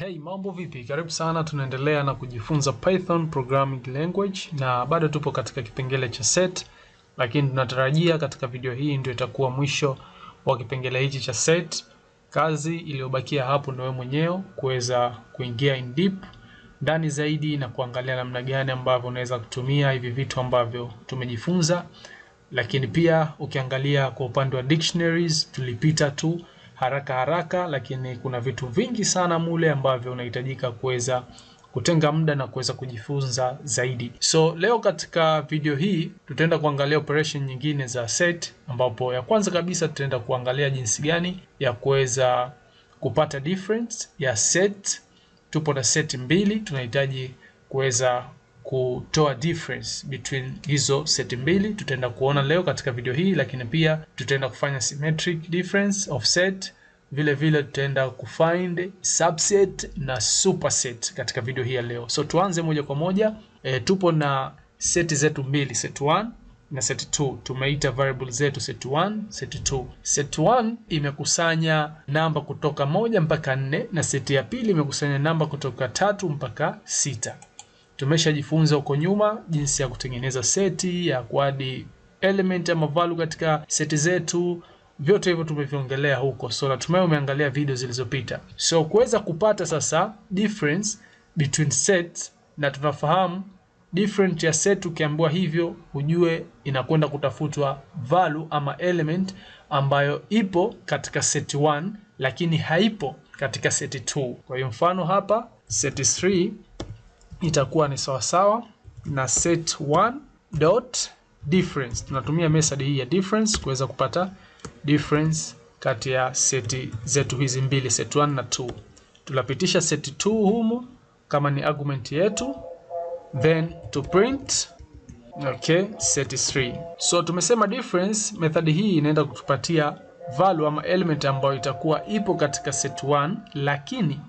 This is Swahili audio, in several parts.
Hey, mambo vipi? Karibu sana, tunaendelea na kujifunza Python programming language, na bado tupo katika kipengele cha set, lakini tunatarajia katika video hii ndio itakuwa mwisho wa kipengele hichi cha set. Kazi iliyobakia hapo ndio wewe mwenyewe kuweza kuingia in deep ndani zaidi na kuangalia namna gani ambavyo unaweza kutumia hivi vitu ambavyo tumejifunza, lakini pia ukiangalia kwa upande wa dictionaries tulipita tu haraka haraka, lakini kuna vitu vingi sana mule ambavyo unahitajika kuweza kutenga muda na kuweza kujifunza zaidi. So leo katika video hii tutaenda kuangalia operation nyingine za set, ambapo ya kwanza kabisa tutaenda kuangalia jinsi gani ya kuweza kupata difference ya set. Tupo na set mbili tunahitaji kuweza kutoa difference between hizo seti mbili, tutaenda kuona leo katika video hii, lakini pia tutaenda kufanya symmetric difference, offset vile vile tutaenda kufind subset na superset katika video hii ya leo. So tuanze moja kwa moja. E, tupo na seti zetu mbili, set 1 na set 2. Tumeita variable zetu set 1, set 2. Set 1 imekusanya namba kutoka moja mpaka nne na seti ya pili imekusanya namba kutoka tatu mpaka sita. Tumeshajifunza huko nyuma jinsi ya kutengeneza seti ya kuadi element ama value katika seti zetu vyote hivyo tumeviongelea huko, so natumai umeangalia video zilizopita. So kuweza kupata sasa difference between set, na tunafahamu different ya set, ukiambiwa hivyo ujue inakwenda kutafutwa value ama element ambayo ipo katika set 1 lakini haipo katika set 2. Kwa hiyo mfano hapa set itakuwa ni sawasawa na set 1 dot difference. Tunatumia method hii ya difference kuweza kupata difference kati ya seti zetu hizi mbili, set 1 na 2. Tulapitisha set 2 humu kama ni argument yetu, then to print okay, set 3. So tumesema difference, method hii inaenda kutupatia value ama element ambayo itakuwa ipo katika set 1 lakini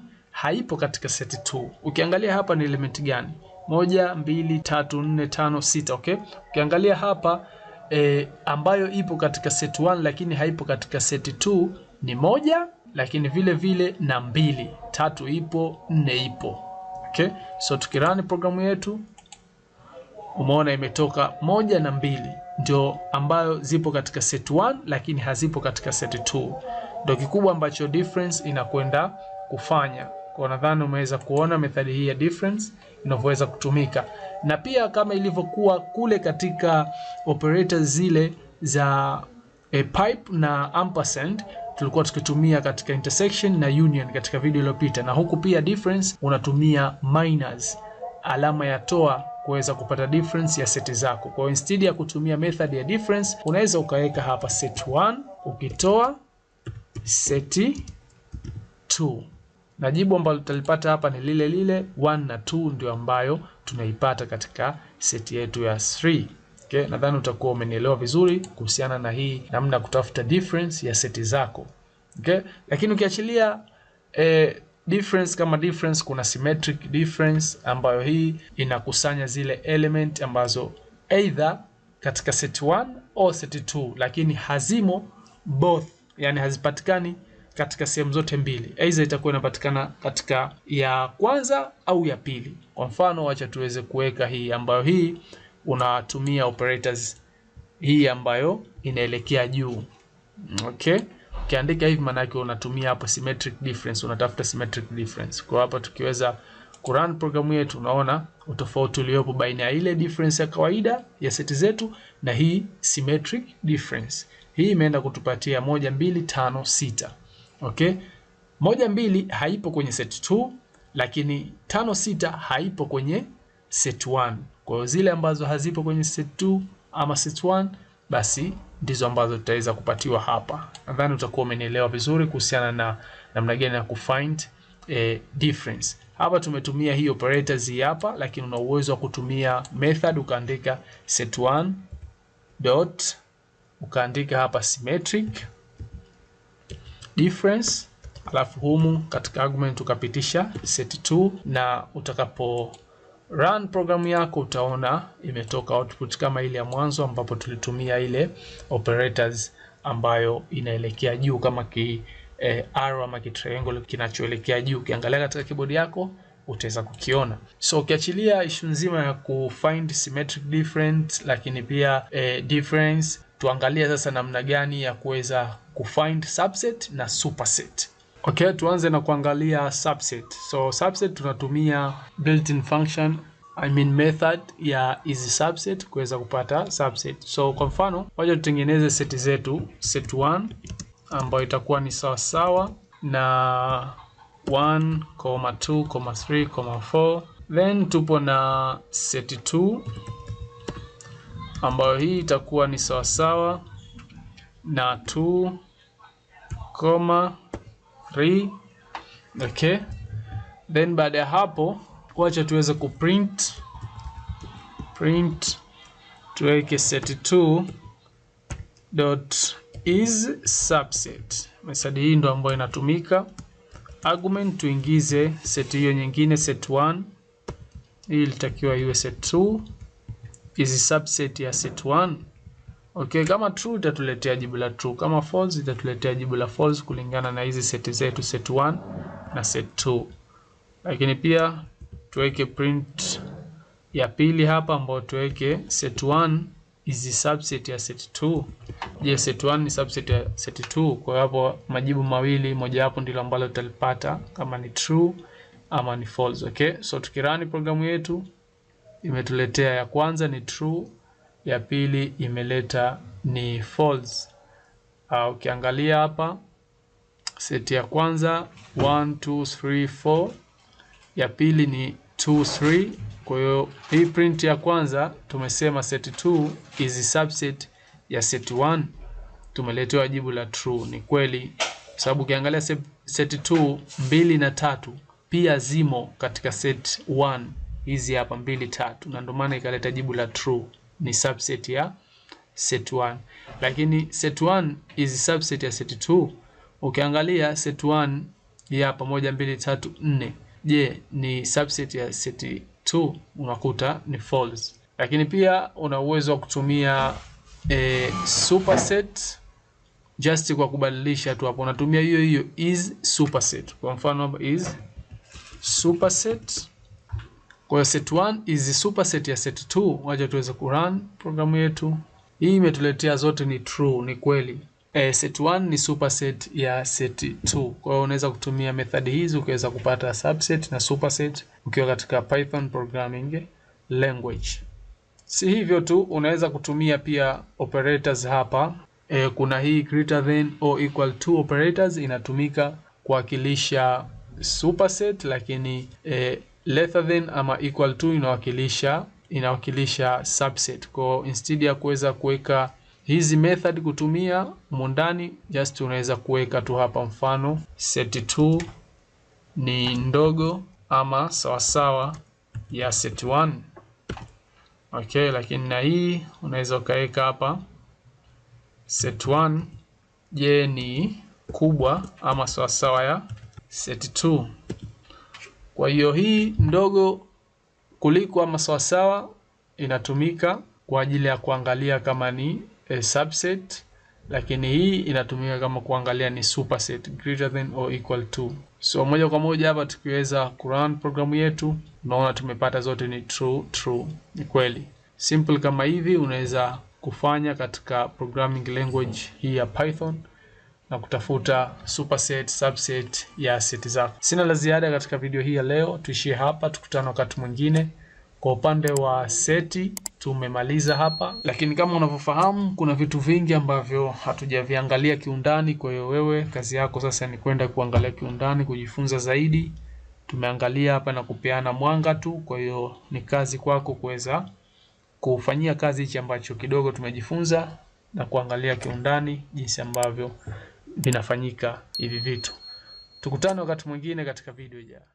haipo katika seti 2. Ukiangalia hapa ni element gani? 1 2 3 4 5 6, Okay, ukiangalia hapa e, ambayo ipo katika set 1 lakini haipo katika set 2 ni moja, lakini vile vile na mbili, tatu ipo, nne ipo. Okay, so tukirani programu yetu umeona imetoka moja na mbili ndio ambayo zipo katika set 1 lakini hazipo katika set 2. Ndio kikubwa ambacho difference inakwenda kufanya. Kwa nadhani umeweza kuona methali hii ya difference inavyoweza kutumika, na pia kama ilivyokuwa kule katika operator zile za a eh, pipe na ampersand tulikuwa tukitumia katika intersection na union katika video iliyopita, na huku pia difference unatumia minus, alama ya toa kuweza kupata difference ya seti zako. Kwa hiyo instead ya kutumia method ya difference unaweza ukaweka hapa set 1 ukitoa seti 2 na jibu ambalo tutalipata hapa ni lile lile 1 na 2 ndio ambayo tunaipata katika seti yetu ya 3. Okay, nadhani utakuwa umenielewa vizuri kuhusiana na hii namna ya kutafuta difference ya seti zako. Okay? Lakini ukiachilia eh, difference kama difference, kuna symmetric difference ambayo hii inakusanya zile element ambazo either katika set 1 au set 2 lakini hazimo both, yani hazipatikani katika sehemu zote mbili, aidha itakuwa inapatikana katika ya kwanza au ya pili. Kwa mfano, acha tuweze kuweka hii ambayo hii unatumia operators hii ambayo inaelekea juu. Okay, ukiandika hivi maana yake unatumia hapo symmetric difference, unatafuta symmetric difference. Kwa hapa tukiweza kurun programu yetu, unaona utofauti uliopo baina ya ile difference ya kawaida ya seti zetu na hii symmetric difference. Hii imeenda kutupatia moja, mbili, tano, sita. Okay? Moja mbili haipo kwenye set 2 lakini tano sita haipo kwenye set 1. Kwa hiyo zile ambazo hazipo kwenye set 2 ama set 1 basi ndizo ambazo tutaweza kupatiwa hapa. Nadhani utakuwa umenielewa vizuri kuhusiana na namna gani ya kufind eh, difference. Hapa tumetumia hii operators hii hapa, lakini una uwezo wa kutumia method ukaandika set1 dot ukaandika hapa symmetric difference alafu humu katika argument ukapitisha set 2 na utakapo run programu yako utaona imetoka output kama ile ya mwanzo ambapo tulitumia ile operators ambayo inaelekea juu kama ki eh, arrow ama ki triangle kinachoelekea juu. Ukiangalia katika kibodi yako utaweza kukiona. So ukiachilia issue nzima ya ku find symmetric difference, lakini pia eh, difference tuangalie sasa namna gani ya kuweza kufind subset na superset. Okay, tuanze na kuangalia subset. So subset tunatumia built-in function I mean method ya is subset kuweza kupata subset. So kwa mfano, wacha tutengeneze seti zetu set 1 ambayo itakuwa ni sawa sawa na 1, 2, 3, 4. Then tupo na set ambayo hii itakuwa ni sawasawa na 2 comma 3 okay. Then baada ya hapo, wacha tuweze kuprint print, tuweke set2 dot is subset. Method hii ndo ambayo inatumika argument, tuingize set hiyo nyingine set1, hii ilitakiwa iwe set2 is a subset ya set 1. Okay, kama true itatuletea jibu la true, kama false itatuletea jibu la false kulingana na hizi seti zetu set 1 na set 2. Lakini pia tuweke print ya pili hapa ambayo tuweke set 1 is a subset ya set 2. Je, set 1 ni subset ya set 2? Kwa hapo majibu mawili, moja hapo ndilo ambalo tutalipata kama ni true ama ni false. Okay, so tukirani programu yetu imetuletea ya kwanza ni true, ya pili imeleta ni false. Uh, ukiangalia hapa seti ya kwanza 1 2 3 4, ya pili ni 2 3. Kwa hiyo hii print ya kwanza tumesema set 2 is a subset ya set 1, tumeletewa jibu la true. Ni kweli sababu ukiangalia set 2 mbili na tatu pia zimo katika set 1 hizi hapa mbili tatu, na ndio maana ikaleta jibu la true, ni subset ya set 1. Lakini set 1 is subset ya set 2. Ukiangalia set 1 ya pamoja mbili tatu nne, je, ni subset ya set 2? Unakuta ni false. Lakini pia una uwezo wa kutumia e, superset just kwa kubadilisha tu hapo, unatumia hiyo hiyo is superset. Kwa mfano hapa is superset kwa hiyo set 1 is superset ya set 2. Waje tuweze ku run programu yetu hii, imetuletea zote ni true, ni kweli. E, set 1 ni superset ya set 2. Kwa hiyo unaweza kutumia method hizi ukiweza kupata subset na superset ukiwa katika Python programming language. Si hivyo tu, unaweza kutumia pia operators hapa. E, kuna hii greater than or equal to operators inatumika kuwakilisha superset, lakini e, lesser than ama equal to inawakilisha inawakilisha subset. Kwa instead ya kuweza kuweka hizi method kutumia mundani, just unaweza kuweka tu hapa, mfano set 2 ni ndogo ama sawasawa ya set 1. Okay, lakini na hii unaweza ukaweka hapa set 1 je, ni kubwa ama sawasawa ya set 2. Kwa hiyo hii ndogo kuliko ama sawasawa inatumika kwa ajili ya kuangalia kama ni a eh, subset, lakini hii inatumika kama kuangalia ni superset greater than or equal to. So moja kwa moja hapa tukiweza kurun programu yetu, unaona tumepata zote ni true true, ni kweli. Simple kama hivi unaweza kufanya katika programming language hii ya Python na kutafuta superset, subset ya seti zako. Sina la ziada katika video hii ya leo, tuishie hapa, tukutane wakati mwingine. Kwa upande wa seti tumemaliza hapa, lakini kama unavyofahamu kuna vitu vingi ambavyo hatujaviangalia kiundani. Kwa hiyo wewe kazi yako sasa ni kwenda kuangalia kiundani, kujifunza zaidi. Tumeangalia hapa na kupeana mwanga tu, kwa hiyo ni kazi kwako kuweza kufanyia kazi hichi ambacho kidogo tumejifunza na kuangalia kiundani jinsi ambavyo vinafanyika hivi vitu. Tukutane wakati mwingine katika video ijayo.